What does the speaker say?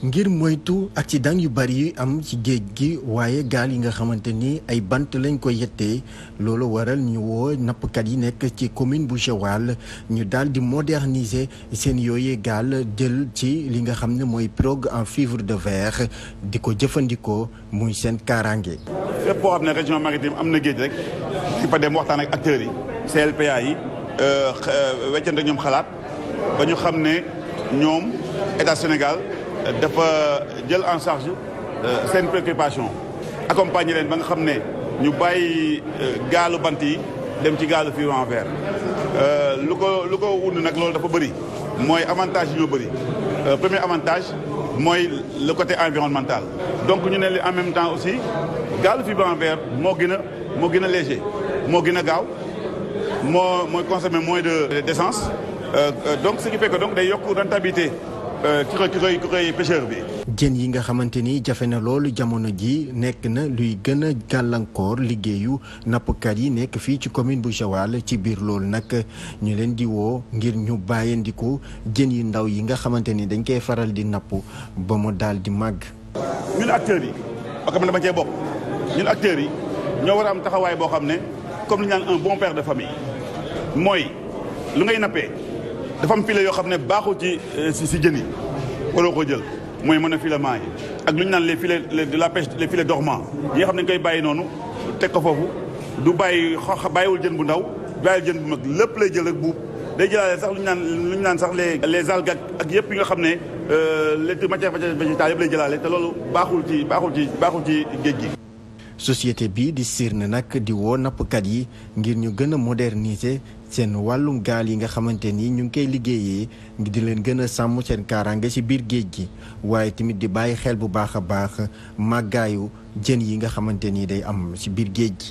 ngir moytu accident yu bari yu am ci géej gi waaye gaal yi nga xamante ni ay bant lañ koy yettee loolu waral ñu woo nappkat yi nekk ci commune bu Joal ñu daal di modernise seen yooyee gaal jël ci li nga xam ne mooy pirogue en fibre de verre di ko jëfandikoo muy seen kaaraange. fépp boo xam ne région maritime am na géej rek di fa dem waxtaan ak acteurs yi CLPA yi euh, weccante ñoom xalaat ba ñu xam ne ñoom état Sénégal. dafa jël en charge euh, seen préoccupation accompagner leen ba nga xam ne ñu bàyyi euh, gaalu bant yi dem ci gaalu fibre en verre euh, lu ko lu ko wund nag loolu dafa bëri mooy avantage yoo bëri premier avantage mooy le côté environnemental donc ñu ne li en même temps aussi gaalu fibre en moo gën a moo gën a léger moo gën a gaaw moo mooy consommer moins de d'essence donc ce qui fait donc day yokk rentabilité Euh, ki koy ki koy ki bi. jën yi nga xamante ni jafe na loolu jamono ji nekk na luy gën a gàllankoor liggéeyu nappkat yi nekk fii ci commune bu Joal ci biir loolu nag ñu leen di woo ngir ñu bàyyandiku jën yu ndaw yi nga xamante ni dañ koy faral di napp ba mu daal di màgg. ñun acteurs yi parce dama cee bokk ñun acteurs yi ñoo war a am taxawaay boo xam ne comme li ñu bon père de famille mooy lu ngay nappee. dafa am yoo xam ne baaxul ci euh, si jën yi waroo ko jël mooy mën a filaments yi ak lu ñu naan les filets de la pêche les filets dormants yi nga xam ne dañ koy bàyyi noonu teg ko foofu du bàyyi bàyyiwul jën bu ndaw bàyyiwul jën bu mag lépp lay jël rek buub day jëlaale sax lu ñu naan lu ñu naan sax les les algues ak yëpp yi nga xam ne euh, les matières végétales yëpp lay jëlaale te loolu baaxul ci baaxul ci baaxul ci géej gi. société bi di sirne nag di woo nappkat yi ngir ñu gën a moderniser seen wàllum gaal yi nga xamante ni ñu ngi koy liggéeyee ngi di leen gën a sàmm seen kaaraange ci biir géej gi waaye tamit di bàyyi xel bu baax a baax màggaayu jën yi nga xamante ni day am ci biir géej gi.